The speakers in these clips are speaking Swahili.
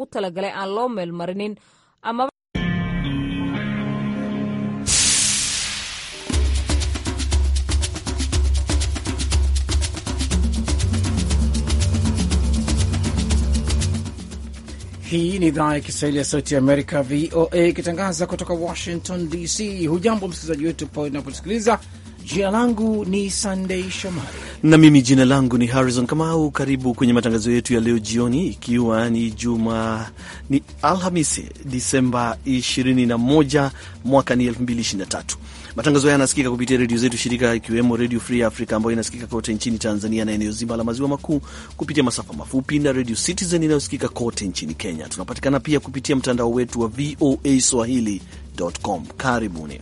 u talagalay aan loo marinin ama Hii ni idhaa ya Kiswahili ya Sauti ya Amerika, VOA, ikitangaza kutoka Washington DC. Hujambo msikilizaji wetu pale inaposikiliza Jina langu ni Sunday Shomari na mimi jina langu ni Harrison Kamau. Karibu kwenye matangazo yetu ya leo jioni, ikiwa ni juma ni Alhamisi Disemba 21 mwaka ni 2023. Matangazo haya yanasikika kupitia redio zetu shirika, ikiwemo Redio Free Africa ambayo inasikika kote nchini Tanzania na eneo zima la maziwa makuu kupitia masafa mafupi na Redio Citizen inayosikika kote nchini Kenya. Tunapatikana pia kupitia mtandao wetu wa VOA Swahili.com. Karibuni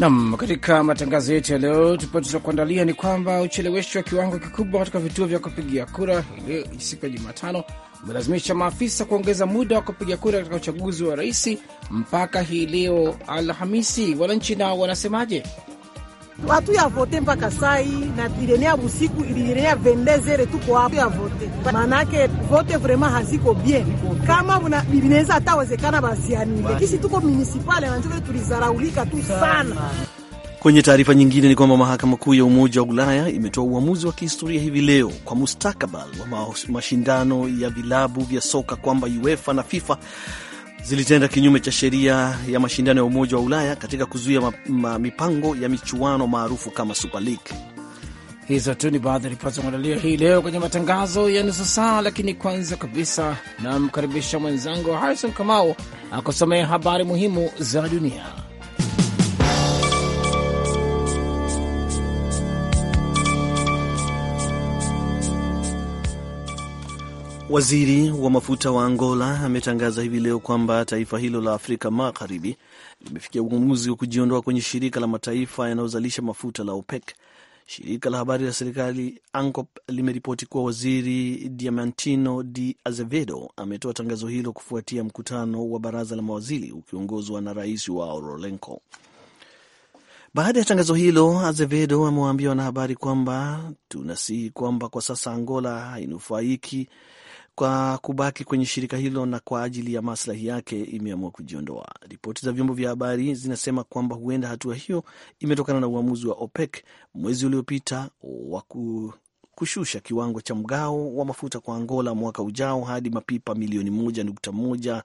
Nam, katika matangazo yetu ya leo za kuandalia ni kwamba ucheleweshi wa kiwango kikubwa katika vituo vya kupigia kura ile siku ya Jumatano umelazimisha maafisa kuongeza muda wa kupiga kura katika uchaguzi wa rais mpaka hii leo Alhamisi. Wananchi nao wanasemaje? watu ya vote mpaka sai na ilienea busiku, ilienea vendezere, tuko hapo ya vote. Manake vote vrema haziko bien, kama muna vinaweza hata wezekana basianile kisi tuko munisipale na njo tulizaraulika tu sana. Kwenye taarifa nyingine ni kwamba mahakama kuu ya Umoja wa Ulaya imetoa uamuzi wa kihistoria hivi leo kwa mustakabali wa mashindano ya vilabu vya soka kwamba UEFA na FIFA zilitenda kinyume cha sheria ya mashindano ya Umoja wa Ulaya katika kuzuia mipango ya michuano maarufu kama Super League. Hizo tu ni baadhi ya ripoti za kuandalia hii leo kwenye matangazo ya nusu saa, lakini kwanza kabisa namkaribisha mwenzangu Harrison Kamau akusomea habari muhimu za dunia. Waziri wa mafuta wa Angola ametangaza hivi leo kwamba taifa hilo la Afrika Magharibi limefikia uamuzi wa kujiondoa kwenye shirika la mataifa yanayozalisha mafuta la OPEC. Shirika la habari la serikali ancop limeripoti kuwa waziri Diamantino Di Azevedo ametoa tangazo hilo kufuatia mkutano wa baraza la mawaziri ukiongozwa na rais wa Lourenco. Baada ya tangazo hilo, Azevedo amewaambia wanahabari kwamba tunasihi kwamba kwa sasa Angola hainufaiki kwa kubaki kwenye shirika hilo na kwa ajili ya maslahi yake imeamua kujiondoa. Ripoti za vyombo vya habari zinasema kwamba huenda hatua hiyo imetokana na uamuzi wa OPEC mwezi uliopita wa kushusha kiwango cha mgao wa mafuta kwa Angola mwaka ujao hadi mapipa milioni moja nukta moja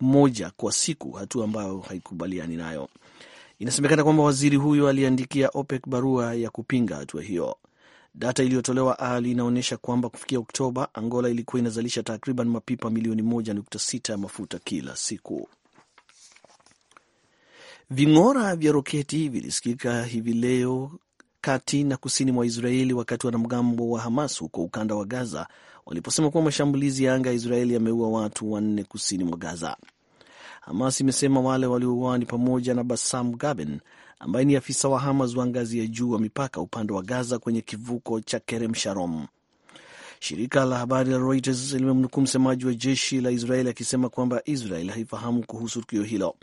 moja kwa siku, hatua ambayo haikubaliani nayo. Inasemekana kwamba waziri huyo aliandikia OPEC barua ya kupinga hatua hiyo. Data iliyotolewa awali inaonyesha kwamba kufikia Oktoba, Angola ilikuwa inazalisha takriban mapipa milioni 1.6 ya mafuta kila siku. Ving'ora vya roketi vilisikika hivi leo kati na kusini mwa Israeli wakati wanamgambo wa Hamas huko ukanda wa Gaza waliposema kuwa mashambulizi ya anga ya Israeli yameua watu wanne kusini mwa Gaza. Hamas imesema wale waliouawa ni pamoja na Bassam Gaben ambaye ni afisa wa Hamas wa ngazi ya juu wa mipaka upande wa Gaza kwenye kivuko cha Kerem Shalom. Shirika la habari la Reuters limemnukuu msemaji wa jeshi la israel akisema kwamba Israel haifahamu kuhusu tukio hilo.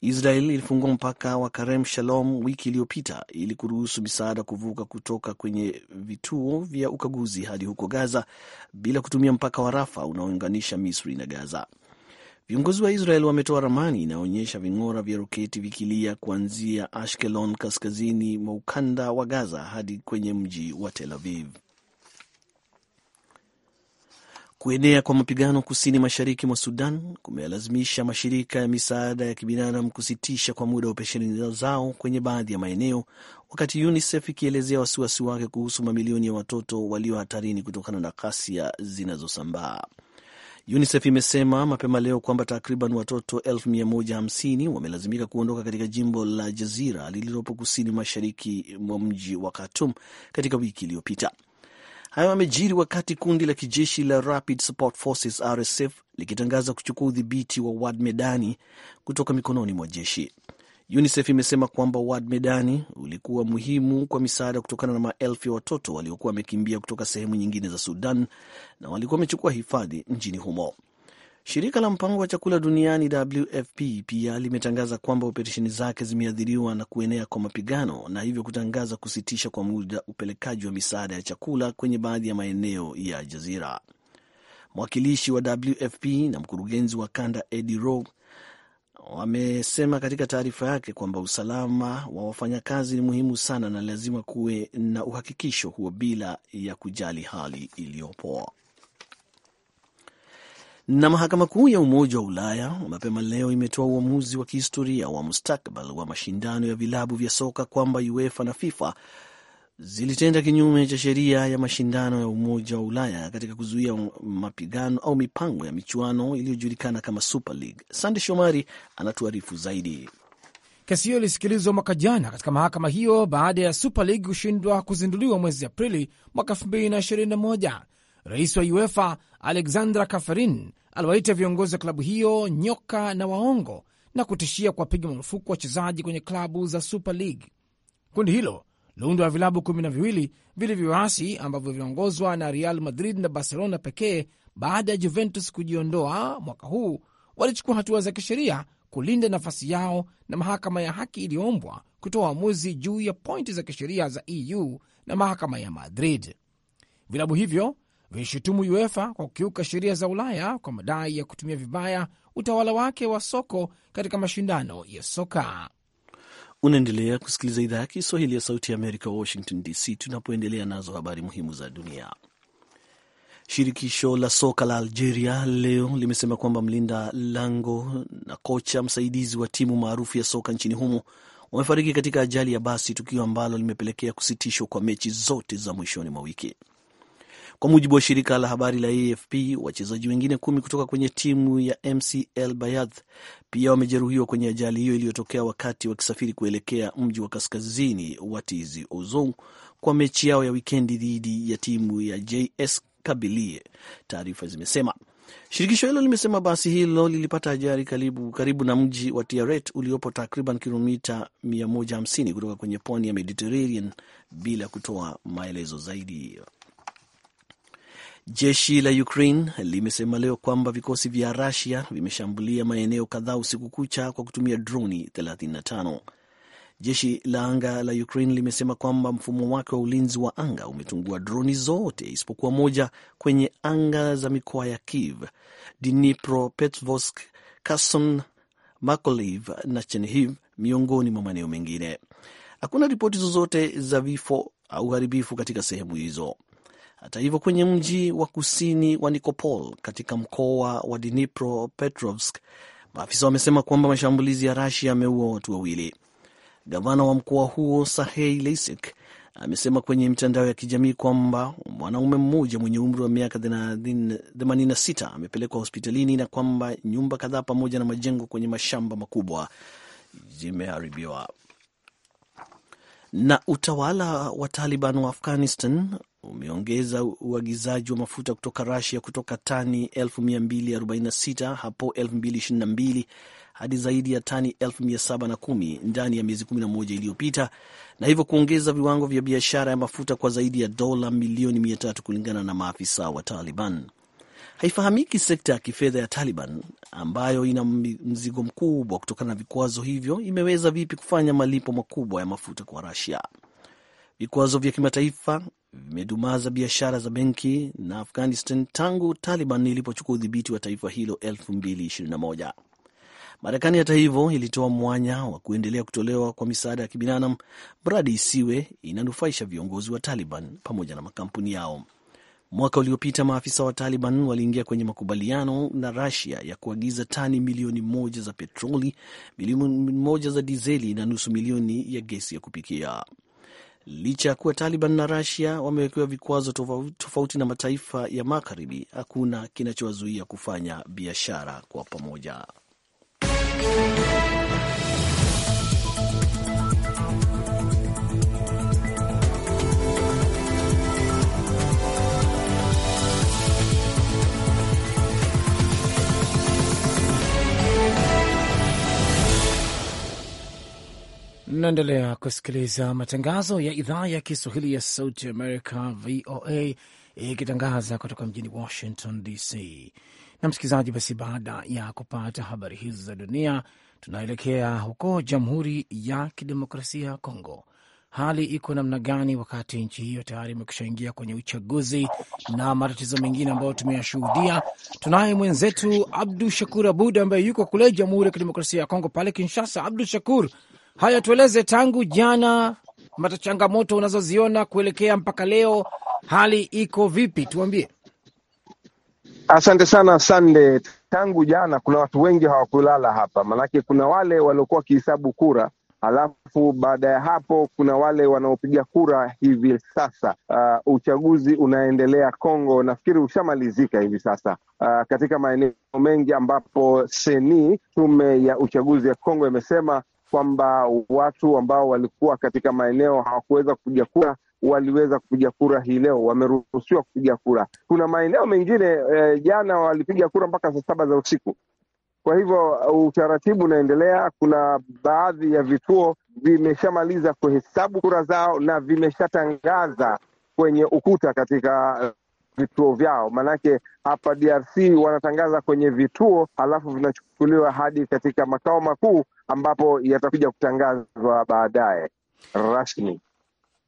Israel ilifungua mpaka wa Karem Shalom wiki iliyopita ili kuruhusu misaada kuvuka kutoka kwenye vituo vya ukaguzi hadi huko Gaza bila kutumia mpaka wa Rafa unaounganisha Misri na Gaza. Viongozi wa Israel wametoa ramani inayoonyesha ving'ora vya roketi vikilia kuanzia Ashkelon kaskazini mwa ukanda wa Gaza hadi kwenye mji wa Tel Aviv. Kuenea kwa mapigano kusini mashariki mwa Sudan kumelazimisha mashirika ya misaada ya kibinadamu kusitisha kwa muda operesheni zao kwenye baadhi ya maeneo, wakati UNICEF ikielezea wasiwasi wake kuhusu mamilioni ya watoto walio hatarini kutokana na ghasia zinazosambaa. UNICEF imesema mapema leo kwamba takriban watoto 150 wamelazimika kuondoka katika jimbo la Jazira lililopo kusini mashariki mwa mji wa Khartoum katika wiki iliyopita. Hayo yamejiri wakati kundi la kijeshi la Rapid Support Forces RSF likitangaza kuchukua udhibiti wa Wad Medani kutoka mikononi mwa jeshi. UNICEF imesema kwamba Wad Medani ulikuwa muhimu kwa misaada kutokana na maelfu ya watoto waliokuwa wamekimbia kutoka sehemu nyingine za Sudan na walikuwa wamechukua hifadhi nchini humo. Shirika la mpango wa chakula duniani WFP pia limetangaza kwamba operesheni zake zimeathiriwa na kuenea kwa mapigano na hivyo kutangaza kusitisha kwa muda upelekaji wa misaada ya chakula kwenye baadhi ya maeneo ya Jazira. Mwakilishi wa WFP na mkurugenzi wa kanda Eddie Rowe wamesema katika taarifa yake kwamba usalama wa wafanyakazi ni muhimu sana na lazima kuwe na uhakikisho huo bila ya kujali hali iliyopo. Na mahakama kuu ya Umoja wa Ulaya mapema leo imetoa uamuzi wa kihistoria wa mustakbal wa mashindano ya vilabu vya soka kwamba UEFA na FIFA zilitenda kinyume cha sheria ya mashindano ya Umoja wa Ulaya katika kuzuia mapigano au mipango ya michuano iliyojulikana kama Super League. Sande Shomari anatuarifu zaidi. Kesi hiyo ilisikilizwa mwaka jana katika mahakama hiyo baada ya Super League kushindwa kuzinduliwa mwezi Aprili mwaka 2021. Rais wa UEFA Alexandra Kaferin aliwaita viongozi wa klabu hiyo nyoka na waongo na kutishia kuwapiga marufuku wachezaji kwenye klabu za Super League. Kundi hilo Lundo ya vilabu kumi na viwili vilivyoasi ambavyo vinaongozwa na Real Madrid na Barcelona pekee baada ya Juventus kujiondoa mwaka huu walichukua hatua za kisheria kulinda nafasi yao, na mahakama ya haki iliyoombwa kutoa uamuzi juu ya pointi za kisheria za EU na mahakama ya Madrid. Vilabu hivyo vilishutumu UEFA kwa kukiuka sheria za Ulaya kwa madai ya kutumia vibaya utawala wake wa soko katika mashindano ya soka. Unaendelea kusikiliza idhaa ya Kiswahili ya Sauti ya Amerika, Washington DC, tunapoendelea nazo habari muhimu za dunia. Shirikisho la soka la Algeria leo limesema kwamba mlinda lango na kocha msaidizi wa timu maarufu ya soka nchini humo wamefariki katika ajali ya basi, tukio ambalo limepelekea kusitishwa kwa mechi zote za mwishoni mwa wiki. Kwa mujibu wa shirika la habari la AFP, wachezaji wengine kumi kutoka kwenye timu ya mcl Bayath pia wamejeruhiwa kwenye ajali hiyo iliyotokea wakati wakisafiri kuelekea mji wa kaskazini wa Tizi Ouzou kwa mechi yao ya wikendi dhidi ya timu ya JS Kabylie, taarifa zimesema. Shirikisho hilo limesema basi hilo lilipata ajali karibu, karibu na mji wa Tiaret uliopo takriban kilomita 150 kutoka kwenye pwani ya Mediterranean bila kutoa maelezo zaidi. Jeshi la Ukraine limesema leo kwamba vikosi vya Rusia vimeshambulia maeneo kadhaa usiku kucha kwa kutumia droni 35. Jeshi la anga la Ukraine limesema kwamba mfumo wake wa ulinzi wa anga umetungua droni zote isipokuwa moja kwenye anga za mikoa ya Kiev, Dnipropetrovsk, Kherson, Mykolaiv na Chernihiv, miongoni mwa maeneo mengine. Hakuna ripoti zozote za vifo au uharibifu katika sehemu hizo. Hata hivyo, kwenye mji wa kusini wa Nikopol katika mkoa wa Dnipro Petrovsk, maafisa wamesema kwamba mashambulizi ya Rasia yameua watu wawili. Gavana wa mkoa huo Sahei Leisik amesema kwenye mitandao ya kijamii kwamba mwanaume mmoja mwenye umri wa miaka 86 amepelekwa hospitalini na kwamba nyumba kadhaa pamoja na majengo kwenye mashamba makubwa zimeharibiwa. Na utawala wa Taliban wa Afghanistan umeongeza uagizaji wa mafuta kutoka Rusia kutoka tani 246 hapo 2022 hadi zaidi ya tani 710 ndani ya miezi 11 iliyopita, na hivyo kuongeza viwango vya biashara ya mafuta kwa zaidi ya dola milioni 300 kulingana na maafisa wa Taliban. Haifahamiki sekta ya kifedha ya Taliban ambayo ina mzigo mkubwa kutokana na vikwazo hivyo imeweza vipi kufanya malipo makubwa ya mafuta kwa Rusia. Vikwazo vya kimataifa vimedumaza biashara za benki na Afghanistan tangu Taliban ilipochukua udhibiti wa taifa hilo 2021. Marekani hata hivyo ilitoa mwanya wa kuendelea kutolewa kwa misaada ya kibinadamu mradi isiwe inanufaisha viongozi wa Taliban pamoja na makampuni yao. Mwaka uliopita maafisa wa Taliban waliingia kwenye makubaliano na Russia ya kuagiza tani milioni moja za petroli, milioni moja za dizeli na nusu milioni ya gesi ya kupikia. Licha ya kuwa Taliban na rasia wamewekewa vikwazo tofauti na mataifa ya Magharibi, hakuna kinachowazuia kufanya biashara kwa pamoja. Mnaendelea kusikiliza matangazo ya idhaa ya Kiswahili ya Sauti Amerika, VOA, ikitangaza kutoka mjini Washington DC. Na msikilizaji, basi baada ya kupata habari hizo za dunia, tunaelekea huko Jamhuri ya Kidemokrasia ya Kongo. Hali iko namna gani? Wakati nchi hiyo tayari imekushaingia kwenye uchaguzi na matatizo mengine ambayo tumeyashuhudia, tunaye mwenzetu Abdu Shakur Abud ambaye yuko kule Jamhuri ya Kidemokrasia ya Kongo, pale Kinshasa. Abdu Shakur, Haya, tueleze, tangu jana mata changamoto unazoziona kuelekea mpaka leo, hali iko vipi? Tuambie. Asante sana Sande. Tangu jana kuna watu wengi hawakulala hapa, maanake kuna wale waliokuwa wakihesabu kura alafu baada ya hapo kuna wale wanaopiga kura hivi sasa. Uh, uchaguzi unaendelea Kongo, nafikiri ushamalizika hivi sasa uh, katika maeneo mengi ambapo seni, tume ya uchaguzi ya Kongo imesema kwamba watu ambao walikuwa katika maeneo hawakuweza kupiga kura waliweza kupiga kura hii leo, wameruhusiwa kupiga kura. Kuna maeneo mengine e, jana walipiga kura mpaka saa saba za usiku. Kwa hivyo uh, utaratibu unaendelea. Kuna baadhi ya vituo vimeshamaliza kuhesabu kura zao na vimeshatangaza kwenye ukuta katika uh, vituo vyao. Maanake hapa DRC wanatangaza kwenye vituo, halafu vinachukuliwa hadi katika makao makuu ambapo yatakuja kutangazwa baadaye rasmi.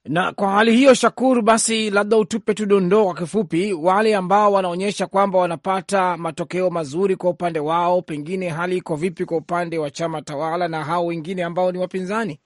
Na kwa hali hiyo, Shakuru, basi labda utupe tu dondoo kwa kifupi, wale ambao wanaonyesha kwamba wanapata matokeo mazuri kwa upande wao, pengine hali iko vipi kwa upande wa chama tawala na hao wengine ambao ni wapinzani?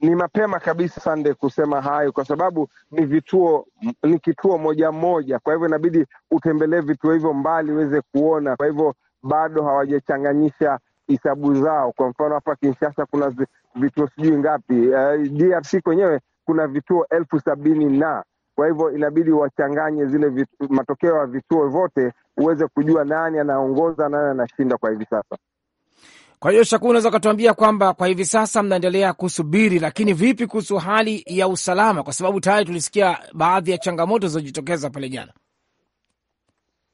Ni mapema kabisa Sande kusema hayo, kwa sababu ni vituo, ni kituo moja moja, kwa hivyo inabidi utembelee vituo hivyo mbali uweze kuona. Kwa hivyo bado hawajachanganyisha hisabu zao. Kwa mfano hapa Kinshasa kuna vituo sijui ngapi, uh, eh, DRC kwenyewe kuna vituo elfu sabini na kwa hivyo inabidi wachanganye zile vitu, matokeo ya vituo vyote uweze kujua nani anaongoza nani anashinda kwa hivi sasa. Kwa hiyo Shakuru, unaweza ukatuambia kwamba kwa hivi sasa mnaendelea kusubiri, lakini vipi kuhusu hali ya usalama? Kwa sababu tayari tulisikia baadhi ya changamoto zilizojitokeza pale jana.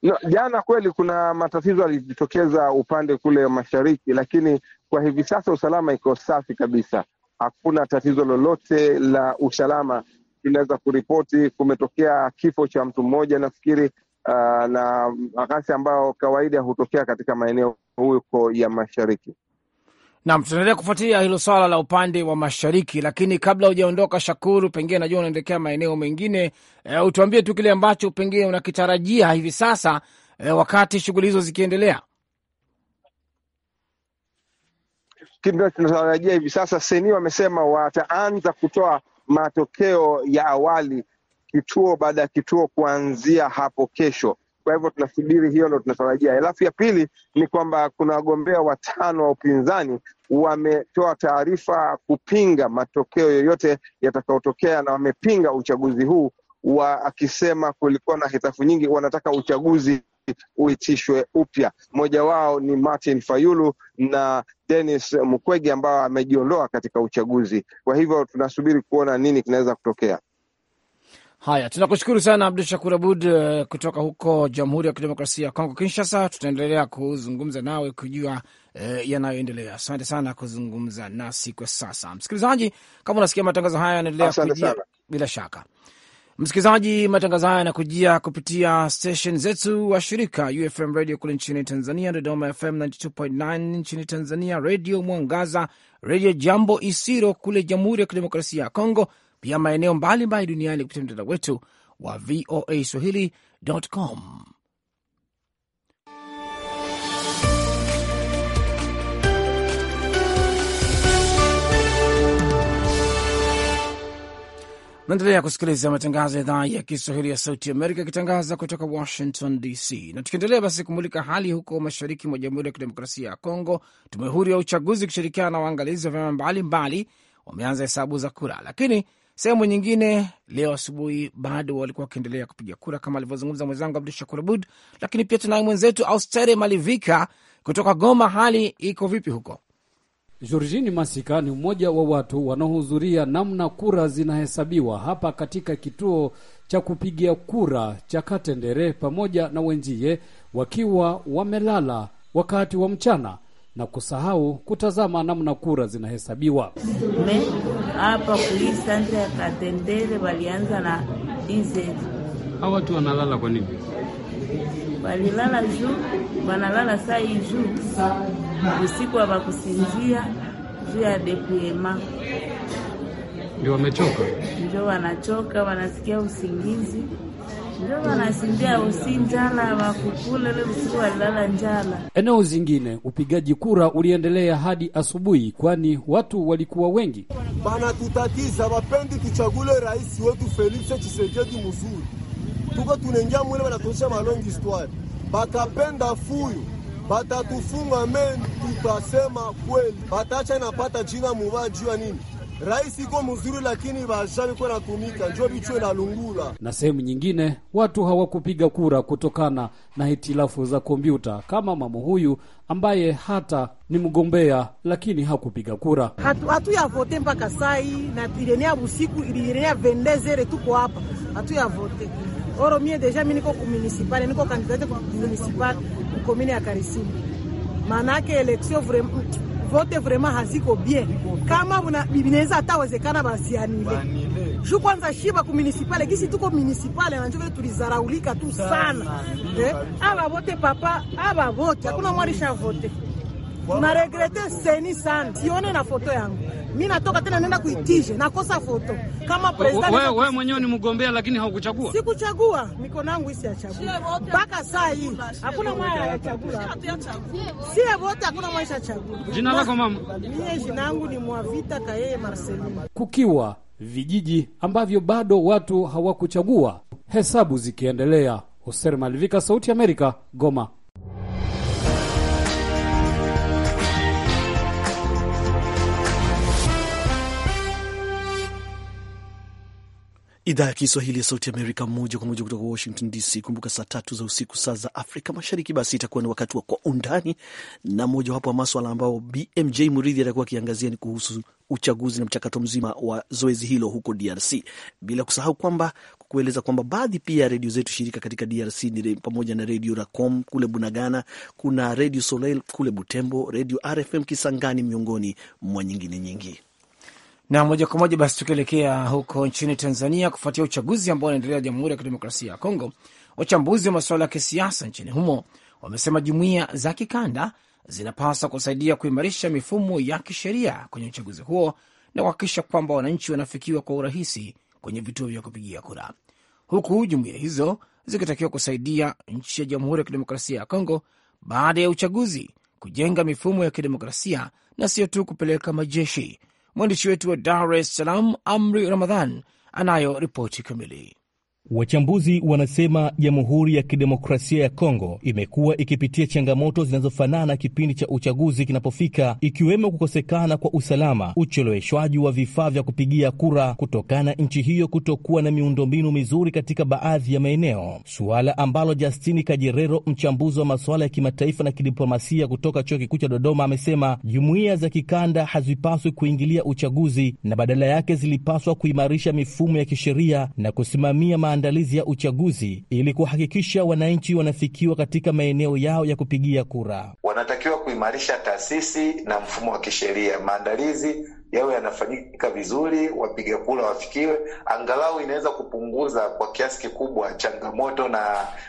No, jana kweli kuna matatizo yalijitokeza upande kule mashariki, lakini kwa hivi sasa usalama iko safi kabisa, hakuna tatizo lolote la usalama. Tunaweza kuripoti kumetokea kifo cha mtu mmoja nafikiri, uh, na ghasia ambayo kawaida hutokea katika maeneo huko ya mashariki. Nam, tutaendelea kufuatilia hilo swala la upande wa mashariki, lakini kabla hujaondoka, Shakuru, pengine najua unaendekea maeneo mengine e, utuambie tu kile ambacho pengine unakitarajia hivi sasa e, wakati shughuli hizo zikiendelea. Kile tunatarajia hivi sasa, seni wamesema wataanza kutoa matokeo ya awali kituo baada ya kituo kuanzia hapo kesho. Kwa hivyo tunasubiri hiyo, ndo tunatarajia. Halafu ya pili ni kwamba kuna wagombea watano wa upinzani wametoa taarifa kupinga matokeo yoyote yatakayotokea, na wamepinga uchaguzi huu wa akisema kulikuwa na hitafu nyingi, wanataka uchaguzi uitishwe upya. Mmoja wao ni Martin Fayulu na denis Mukwege ambao amejiondoa katika uchaguzi. Kwa hivyo tunasubiri kuona nini kinaweza kutokea. Haya, tunakushukuru sana Abdu Shakur Abud eh, kutoka huko Jamhuri ya Kidemokrasia ya Kongo, Kinshasa. Tutaendelea kuzungumza nawe kujua eh, yanayoendelea. Asante sana kuzungumza nasi kwa sasa. Msikilizaji, kama unasikia matangazo haya yanaendelea bila shaka msikilizaji, matangazo haya yanakujia kupitia stesheni zetu wa shirika UFM Radio kule nchini Tanzania, Dodoma FM 92.9 nchini Tanzania, Redio Mwangaza, Redio Jambo Isiro kule Jamhuri ya Kidemokrasia ya Kongo, pia maeneo mbalimbali duniani kupitia mtandao wetu wa VOA Swahili.com. Naendelea kusikiliza matangazo ya idhaa ya Kiswahili ya Sauti Amerika ikitangaza kutoka Washington DC. Na tukiendelea basi kumulika hali huko mashariki mwa Jamhuri ya Kidemokrasia ya Kongo, tume huru ya uchaguzi ukishirikiana na waangalizi wa vyama mbalimbali wameanza hesabu za kura, lakini sehemu nyingine leo asubuhi bado walikuwa wakiendelea kupiga kura, kama alivyozungumza mwenzangu Abdu Shakur Abud. Lakini pia tunaye mwenzetu Austere Malivika kutoka Goma. Hali iko vipi huko? Georgine Masika ni mmoja wa watu wanaohudhuria namna kura zinahesabiwa hapa katika kituo cha kupigia kura cha Katendere pamoja na wenzie wakiwa wamelala wakati wa mchana na kusahau kutazama namna kura zinahesabiwa. Me hapa kuisante ya Katendere walianza na dize. Hawa watu wanalala kwa nini? walilala juu, wanalala sai juu, usiku hawakusinzia juu ya depuema, ndio wamechoka, ndio wanachoka, wanasikia usingizi, ndio wanasindia usinjala, wakukula ile usiku walilala njala. Eneo zingine upigaji kura uliendelea hadi asubuhi, kwani watu walikuwa wengi. Banatutatiza, wapendi tuchagule rais wetu Felix Tshisekedi mzuri tuko tunaingia mwile, wanatosha malongi histoire. Batapenda fuyu, batatufunga meni, tutasema kweli, batacha napata jina mubaya jua nini Rais iko mzuri lakini vashaviko natumika njo vichwe na lungula. Na sehemu nyingine watu hawakupiga kura kutokana na hitilafu za kompyuta, kama mama huyu ambaye hata ni mgombea lakini hakupiga kura. Hatuya vote mpaka sai na ilenea busiku ilienea vendezere, tuko hapa hatuya vote Oro mie deja mimi niko municipal, niko kandidate kwa municipal komini ya Karisimu. Maana yake election vote vraiment haziko bien. Kama binaweza hata wezekana basi anile. Ju kwanza shiba ku municipal, kisi tuko municipal na njoo tulizaraulika tu sana. Eh? Aba vote papa, aba vote. Hakuna mwarisha vote. Tunaregrete seni sana. Sione na foto yangu mi natoka tena naenda kuitishe nakosa foto kama president. Wewe wewe mwenyewe ni mgombea lakini haukuchagua. Sikuchagua, mikono yangu isiachagua mpaka saa hii, hakuna mwana anachagua, sie vote, hakuna mwana anachagua. Jina lako mama? Mie jina yangu ni Mwavita Kaye Marcelina. Kukiwa vijiji ambavyo bado watu hawakuchagua, hesabu zikiendelea. Hoser Malivika, Sauti ya Amerika, Goma. Idhaa ya Kiswahili ya Sauti Amerika, moja kwa moja kutoka Washington DC. Kumbuka saa tatu za usiku, saa za Afrika Mashariki. Basi itakuwa ni wakati wa Kwa Undani, na mojawapo wa maswala ambao BMJ Muridhi atakuwa akiangazia ni kuhusu uchaguzi na mchakato mzima wa zoezi hilo huko DRC, bila kusahau kwamba kueleza kwamba baadhi pia ya redio zetu shirika katika DRC ni pamoja na redio Racom kule Bunagana, kuna redio Soleil kule Butembo, redio RFM Kisangani, miongoni mwa nyingine nyingi na moja kwa moja basi tukielekea huko nchini Tanzania kufuatia uchaguzi ambao unaendelea Jamhuri ya Kidemokrasia ya Kongo, wachambuzi wa masuala ya kisiasa nchini humo wamesema jumuiya za kikanda zinapaswa kusaidia kuimarisha mifumo ya kisheria kwenye uchaguzi huo na kuhakikisha kwamba wananchi wanafikiwa kwa urahisi kwenye vituo vya kupigia kura, huku jumuiya hizo zikitakiwa kusaidia nchi ya Jamhuri ya Kidemokrasia ya Kongo baada ya uchaguzi kujenga mifumo ya kidemokrasia na sio tu kupeleka majeshi Mwandishi wetu wa Dar es Salaam, Amri Ramadhan, anayo ripoti kamili. Wachambuzi wanasema Jamhuri ya, ya Kidemokrasia ya Kongo imekuwa ikipitia changamoto zinazofanana kipindi cha uchaguzi kinapofika, ikiwemo kukosekana kwa usalama, ucheleweshwaji wa vifaa vya kupigia kura kutokana nchi hiyo kutokuwa na miundombinu mizuri katika baadhi ya maeneo, suala ambalo Justini kajerero mchambuzi wa masuala ya kimataifa na kidiplomasia kutoka Chuo Kikuu cha Dodoma, amesema jumuiya za kikanda hazipaswi kuingilia uchaguzi na badala yake zilipaswa kuimarisha mifumo ya kisheria na kusimamia maandalizi ya uchaguzi ili kuhakikisha wananchi wanafikiwa katika maeneo yao ya kupigia kura. Wanatakiwa kuimarisha taasisi na mfumo wa kisheria, maandalizi yawe yanafanyika vizuri, wapiga kura wafikiwe, angalau inaweza kupunguza kwa kiasi kikubwa changamoto na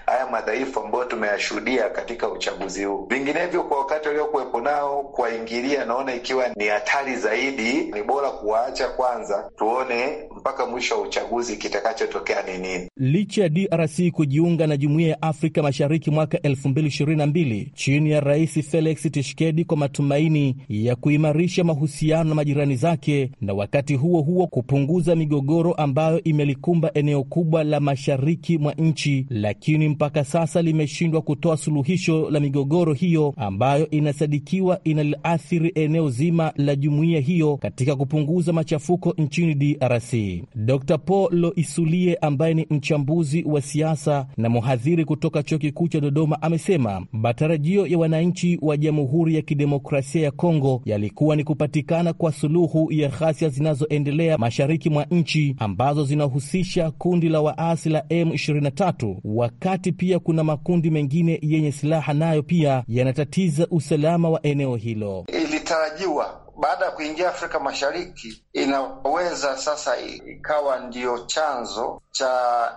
haya madhaifu ambayo tumeyashuhudia katika uchaguzi huu. Vinginevyo, kwa wakati waliokuwepo nao kuwaingilia, naona ikiwa ni hatari zaidi, ni bora kuwaacha kwanza, tuone mpaka mwisho wa uchaguzi kitakachotokea ni nini. Licha ya DRC kujiunga na jumuiya ya Afrika Mashariki mwaka 2022 chini ya Rais Felix Tshisekedi kwa matumaini ya kuimarisha mahusiano na majirani jirani zake na wakati huo huo kupunguza migogoro ambayo imelikumba eneo kubwa la mashariki mwa nchi, lakini mpaka sasa limeshindwa kutoa suluhisho la migogoro hiyo ambayo inasadikiwa inaliathiri eneo zima la jumuiya hiyo katika kupunguza machafuko nchini DRC. Dr. Paul Loisulie ambaye ni mchambuzi wa siasa na mhadhiri kutoka Chuo Kikuu cha Dodoma amesema matarajio ya wananchi wa Jamhuri ya Kidemokrasia ya Kongo yalikuwa ni kupatikana kwa suluhu suluhu ya ghasia zinazoendelea mashariki mwa nchi ambazo zinahusisha kundi la waasi la M23, wakati pia kuna makundi mengine yenye silaha nayo pia yanatatiza usalama wa eneo hilo. Ilitarajiwa baada ya kuingia Afrika Mashariki inaweza sasa ikawa ndiyo chanzo cha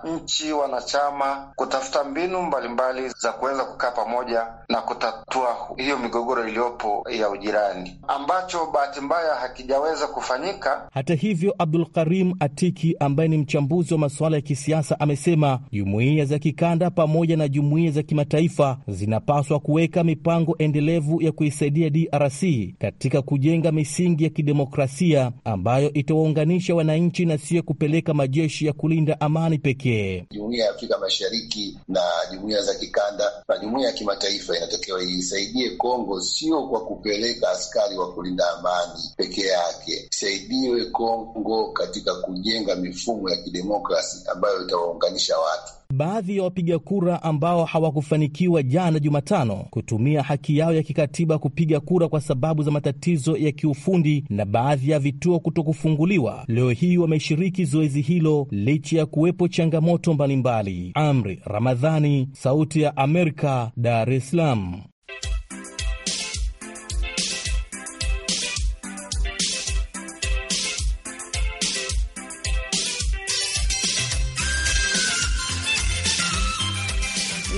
nchi wanachama kutafuta mbinu mbalimbali mbali za kuweza kukaa pamoja na kutatua hiyo migogoro iliyopo ya ujirani, ambacho bahati mbaya hakijaweza kufanyika. Hata hivyo, Abdul Karim Atiki ambaye ni mchambuzi wa masuala ya kisiasa amesema jumuiya za kikanda pamoja na jumuiya za kimataifa zinapaswa kuweka mipango endelevu ya kuisaidia DRC katika kujenga kujenga misingi ya kidemokrasia ambayo itawaunganisha wananchi na siyo kupeleka majeshi ya kulinda amani pekee. Jumuiya ya Afrika Mashariki na jumuiya za kikanda na jumuiya ya kimataifa inatakiwa isaidie Kongo, sio kwa kupeleka askari wa kulinda amani peke yake. Isaidiwe Kongo katika kujenga mifumo ya kidemokrasi ambayo itawaunganisha watu. Baadhi ya wapiga kura ambao hawakufanikiwa jana Jumatano kutumia haki yao ya kikatiba kupiga kura kwa sababu za matatizo ya kiufundi na baadhi ya vituo kutokufunguliwa, leo hii wameshiriki zoezi hilo licha ya kuwepo changamoto mbalimbali. Amri Ramadhani, Sauti ya Amerika, Dar es Salaam.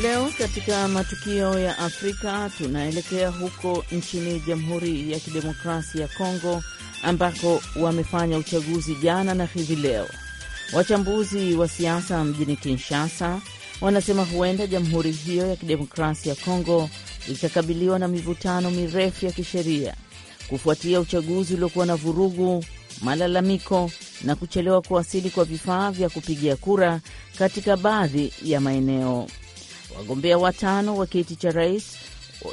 Leo katika matukio ya Afrika tunaelekea huko nchini Jamhuri ya Kidemokrasia ya Kongo ambako wamefanya uchaguzi jana na hivi leo. Wachambuzi wa siasa mjini Kinshasa wanasema huenda jamhuri hiyo ya kidemokrasia ya Kongo ikakabiliwa na mivutano mirefu ya kisheria kufuatia uchaguzi uliokuwa na vurugu, malalamiko na kuchelewa kuwasili kwa vifaa vya kupigia kura katika baadhi ya maeneo. Wagombea watano wa kiti cha rais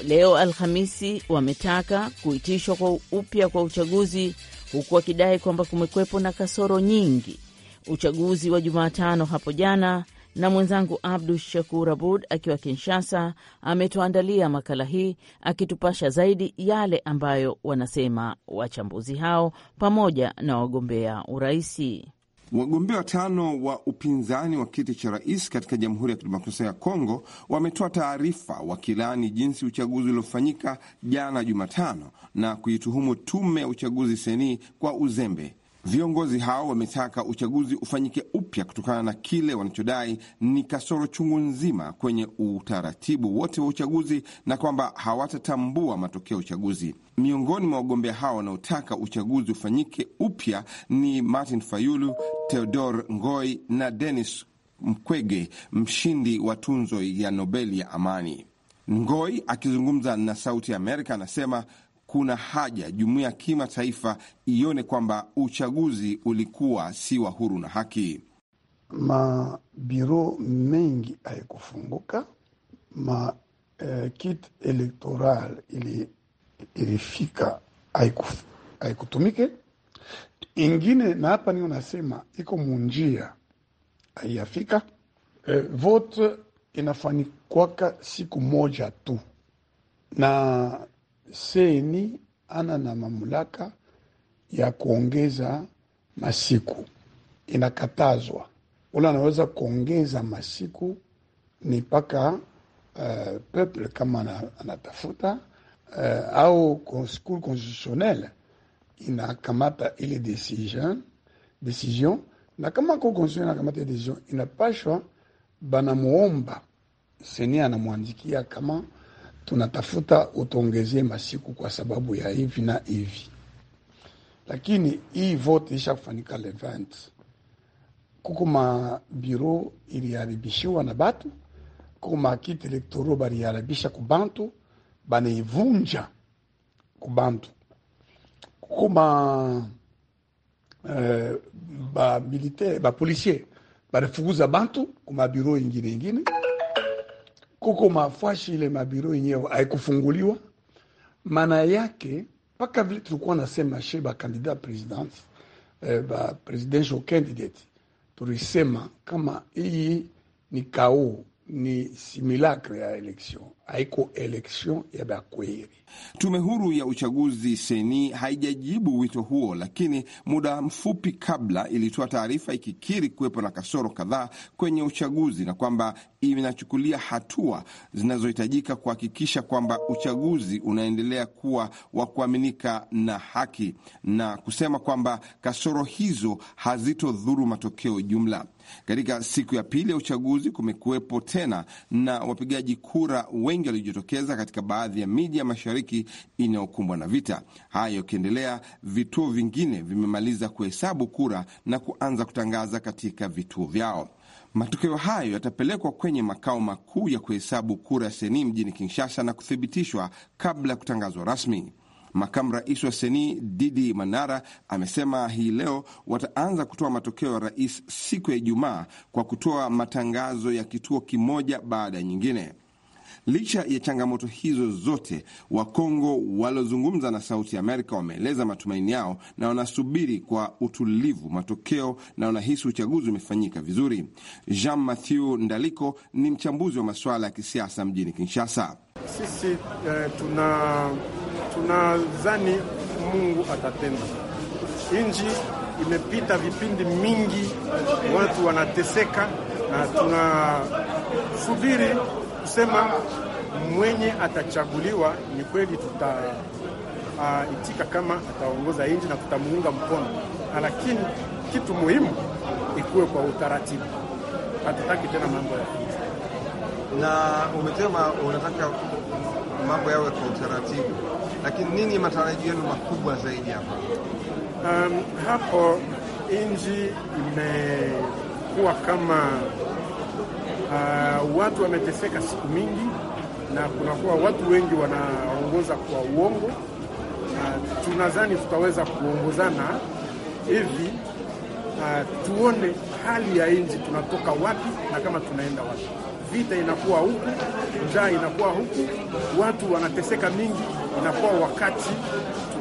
leo Alhamisi wametaka kuitishwa kwa upya kwa uchaguzi huku wakidai kwamba kumekwepo na kasoro nyingi. Uchaguzi wa Jumatano hapo jana na mwenzangu Abdu Shakur Abud akiwa Kinshasa ametuandalia makala hii akitupasha zaidi yale ambayo wanasema wachambuzi hao pamoja na wagombea uraisi. Wagombea watano wa upinzani wa kiti cha rais katika Jamhuri ya Kidemokrasia ya Kongo wametoa taarifa wakilaani jinsi uchaguzi uliofanyika jana Jumatano na kuituhumu tume ya uchaguzi seni kwa uzembe. Viongozi hao wametaka uchaguzi ufanyike upya kutokana na kile wanachodai ni kasoro chungu nzima kwenye utaratibu wote wa uchaguzi na kwamba hawatatambua matokeo ya uchaguzi. Miongoni mwa wagombea hao wanaotaka uchaguzi ufanyike upya ni Martin Fayulu, Theodor Ngoi na Denis Mkwege, mshindi wa tunzo ya Nobel ya amani. Ngoi akizungumza na Sauti ya Amerika anasema kuna haja jumuiya ya kimataifa ione kwamba uchaguzi ulikuwa si wa huru na haki. Mabiro mengi haikufunguka, ma eh, kit elektoral ilifika ili haikutumike ingine, na hapa ni nasema iko munjia haiyafika. E, vote inafanikwaka siku moja tu, na seni ana na mamlaka ya kuongeza masiku, inakatazwa Ula anaweza kuongeza masiku ni mpaka uh, e, peuple kama anatafuta uh, au school constitutionnel inakamata ile decision decision, na kama ko konseil inakamata decision inapashwa banamuomba seni, anamwandikia kama tunatafuta utongezee masiku kwa sababu ya hivi na hivi, lakini hii vote isha kufanyika le 20 kuko ma biro iliharibishiwa na batu, kuko ma kiti elektoro baliharibisha kubantu, banaivunja kubantu kama eh, ba militaire bantu kumabiro ingine ingine, kuko mafashi ile mabiro yenyewe haikufunguliwa. Maana yake mpaka vile tulikuwa nasema she ba kandida president eh, ba presidential candidate tulisema kama hii ni kao ni simulacre ya election, haiko election ya bakweri. Tume huru ya uchaguzi seni haijajibu wito huo, lakini muda mfupi kabla ilitoa taarifa ikikiri kuwepo na kasoro kadhaa kwenye uchaguzi na kwamba inachukulia hatua zinazohitajika kuhakikisha kwamba uchaguzi unaendelea kuwa wa kuaminika na haki, na kusema kwamba kasoro hizo hazitodhuru matokeo jumla. Katika siku ya pili ya uchaguzi kumekuwepo tena na wapigaji kura wengi waliojitokeza katika baadhi ya miji ya mashariki inayokumbwa na vita. Hayo yakiendelea, vituo vingine vimemaliza kuhesabu kura na kuanza kutangaza katika vituo vyao. Matokeo hayo yatapelekwa kwenye makao makuu ya kuhesabu kura ya Seni mjini Kinshasa na kuthibitishwa kabla ya kutangazwa rasmi. Makamu rais wa Seni Didi Manara amesema hii leo wataanza kutoa matokeo ya rais siku ya Ijumaa kwa kutoa matangazo ya kituo kimoja baada ya nyingine. Licha ya changamoto hizo zote, Wakongo waliozungumza na Sauti Amerika wameeleza matumaini yao na wanasubiri kwa utulivu matokeo na wanahisi uchaguzi umefanyika vizuri. Jean Mathieu Ndaliko ni mchambuzi wa masuala ya kisiasa mjini Kinshasa. Sisi eh, tuna tunadhani Mungu atatenda. nji imepita vipindi mingi, watu wanateseka na tunasubiri kusema mwenye atachaguliwa ni kweli tutaitika ah, uh, kama ataongoza nchi na tutamuunga mkono, lakini kitu muhimu ikuwe kwa utaratibu. Hatutaki tena mambo ya kiza. Na umesema unataka mambo yawe kwa utaratibu, lakini nini matarajio yenu makubwa zaidi hapa? Um, hapo nchi imekuwa kama Uh, watu wameteseka siku mingi na kunakuwa watu wengi wanaongoza kwa uongo. Uh, tunadhani tutaweza kuongozana hivi uh, tuone hali ya nchi tunatoka wapi na kama tunaenda wapi. Vita inakuwa huku, njaa inakuwa huku, watu wanateseka mingi, inakuwa wakati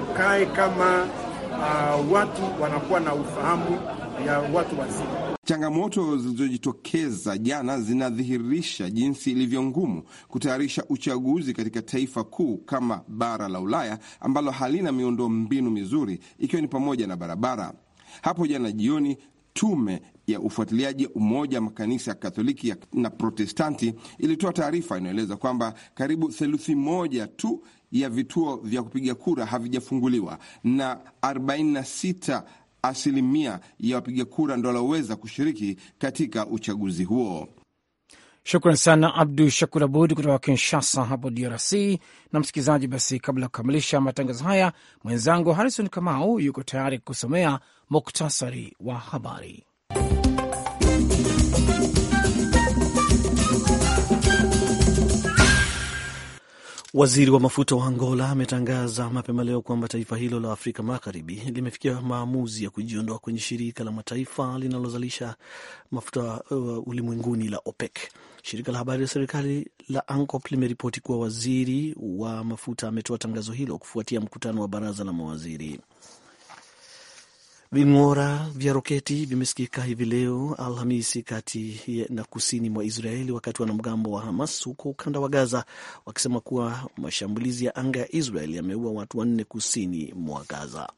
tukae kama uh, watu wanakuwa na ufahamu ya watu wazima. Changamoto zilizojitokeza jana zinadhihirisha jinsi ilivyo ngumu kutayarisha uchaguzi katika taifa kuu kama bara la Ulaya ambalo halina miundo mbinu mizuri ikiwa ni pamoja na barabara. Hapo jana jioni tume ya ufuatiliaji umoja makanisa ya Katoliki na Protestanti ilitoa taarifa inayoeleza kwamba karibu theluthi moja tu ya vituo vya kupiga kura havijafunguliwa na 46 asilimia ya wapiga kura ndo walioweza kushiriki katika uchaguzi huo. Shukran sana Abdu Shakur Abud kutoka Kinshasa hapo DRC. Na msikilizaji, basi kabla ya kukamilisha matangazo haya, mwenzangu Harrison Kamau yuko tayari kusomea muktasari wa habari. Waziri wa mafuta wa Angola ametangaza mapema leo kwamba taifa hilo la Afrika Magharibi limefikia maamuzi ya kujiondoa kwenye shirika la mataifa linalozalisha mafuta uh, ulimwenguni la OPEC. Shirika la habari la serikali la ANCOP limeripoti kuwa waziri wa mafuta ametoa tangazo hilo kufuatia mkutano wa baraza la mawaziri. Ving'ora vya roketi vimesikika hivi leo Alhamisi kati na kusini mwa Israeli, wakati wanamgambo wa Hamas huko ukanda wa Gaza wakisema kuwa mashambulizi ya anga ya Israeli yameua watu wanne kusini mwa Gaza.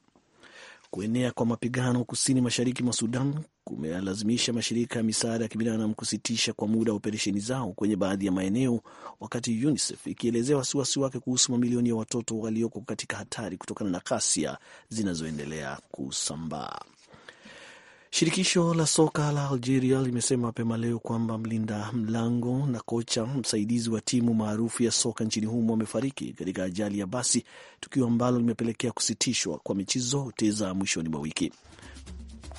Kuenea kwa mapigano kusini mashariki mwa Sudan kumelazimisha mashirika ya misaada ya kibinadamu kusitisha kwa muda operesheni zao kwenye baadhi ya maeneo, wakati UNICEF ikielezea wasiwasi wake kuhusu mamilioni ya watoto walioko katika hatari kutokana na ghasia zinazoendelea kusambaa. Shirikisho la soka la Algeria limesema mapema leo kwamba mlinda mlango na kocha msaidizi wa timu maarufu ya soka nchini humo amefariki katika ajali ya basi, tukio ambalo limepelekea kusitishwa kwa mechi zote za mwishoni mwa wiki.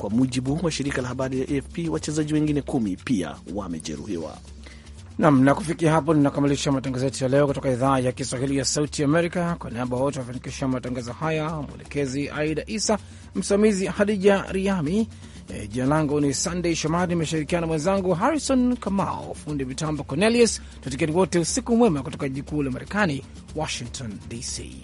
Kwa mujibu wa shirika la habari la AFP, wachezaji wengine kumi pia wamejeruhiwa. Nam na kufikia hapo ninakamilisha matangazo yetu ya leo kutoka idhaa ya Kiswahili ya Sauti Amerika. Kwa niaba wote wafanikisha matangazo haya, mwelekezi Aida Isa, msimamizi Hadija Riami. E, jina langu ni sandey Shomari, nimeshirikiana mwenzangu Harrison Kamao, fundi mitambo Cornelius. Tutikeni wote usiku mwema kutoka jiji kuu la Marekani, Washington DC.